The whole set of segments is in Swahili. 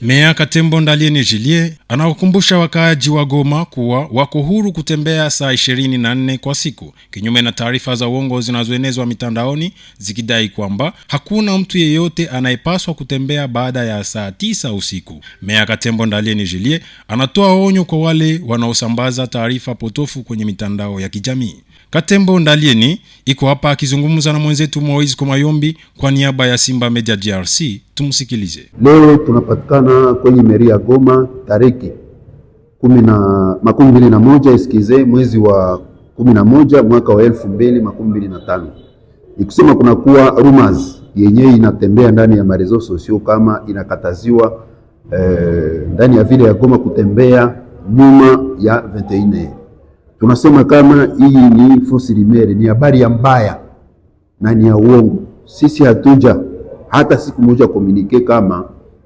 Meya Katembo Ndalieni Jilie anawakumbusha wakaaji wa Goma kuwa wako huru kutembea saa ishirini nne kwa siku, kinyume na taarifa za uongo zinazoenezwa mitandaoni zikidai kwamba hakuna mtu yeyote anayepaswa kutembea baada ya saa tisa usiku. Meya Katembo Ndalieni Jilie anatoa onyo kwa wale wanaosambaza taarifa potofu kwenye mitandao ya kijamii. Katembo Ndalieni iko hapa akizungumza na mwenzetu Moise Komayombi kwa niaba ya Simba Media DRC. Tumsikilize. Leo tunapatikana kwenye meri ya Goma tariki makumi mbili na moja eskize mwezi wa kumi na moja mwaka wa elfu mbili makumi mbili na tano ikusema kunakuwa rumors yenye inatembea ndani ya marezo sosio kama inakataziwa eh, ndani ya vile ya Goma kutembea nyuma ya 21 tunasema kama hii ni fosi ni habari ya mbaya na ni ya uongo. Sisi hatuja hata siku moja komunike kama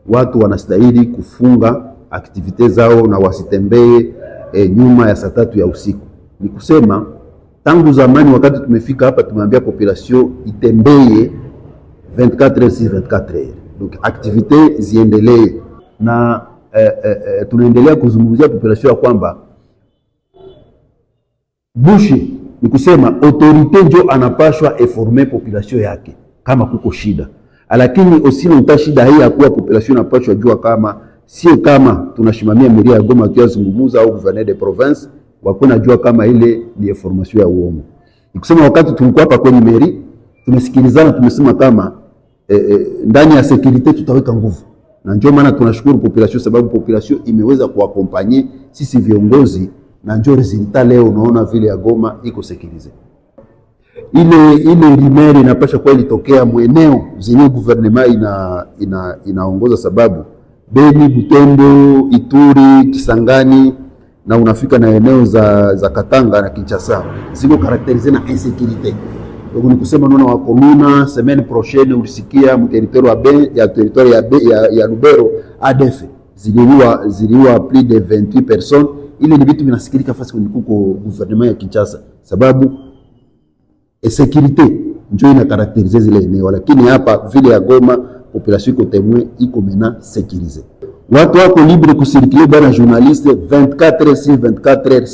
watu wanastahili kufunga aktivite zao na wasitembee e, nyuma ya saa tatu ya usiku. Ni kusema tangu zamani, wakati tumefika hapa, tumeambia population itembee 24 7 24 donc aktivite ziendelee na e, e, tunaendelea kuzungumzia population ya kwamba bushi ni kusema autorite njo anapashwa eforme population yake kama kuko shida lakini usinta shida hii hakuwa population inapashwa jua kama sio kama tunashimamia miria ya Goma tuyazungumuza au gouverneur de province wakuna jua kama ile ni information ya uongo. Nikusema wakati tulikuwa hapa kwenye meri tumesikilizana, tumesema kama e, e, ndani ya security tutaweka nguvu, na ndio maana tunashukuru population, sababu population imeweza kuakompanye sisi viongozi, na ndio resulta leo unaona vile ya Goma iko security ile ile rumeur inapasha kuwa ilitokea mweneo zenye guvernema ina, ina, inaongoza, sababu Beni, Butembo, Ituri, Kisangani na unafika na eneo za, za Katanga na Kinshasa ziko karakterize na insekurite. Ni kusema wa wakomuna semaine prochaine ulisikia mteritware ya ya, ya, ya Lubero ADF ziliua ziliua plus de 28 personnes. Ile ni vitu vinasikilika fasi kwenye kuko guvernema ya Kinshasa sababu E security njo inakarakterize zile eneo, lakini hapa vile ya Goma population iko temwe iko mena sekirize, watu wako libre kusirikile bwana journaliste 24 sur 24.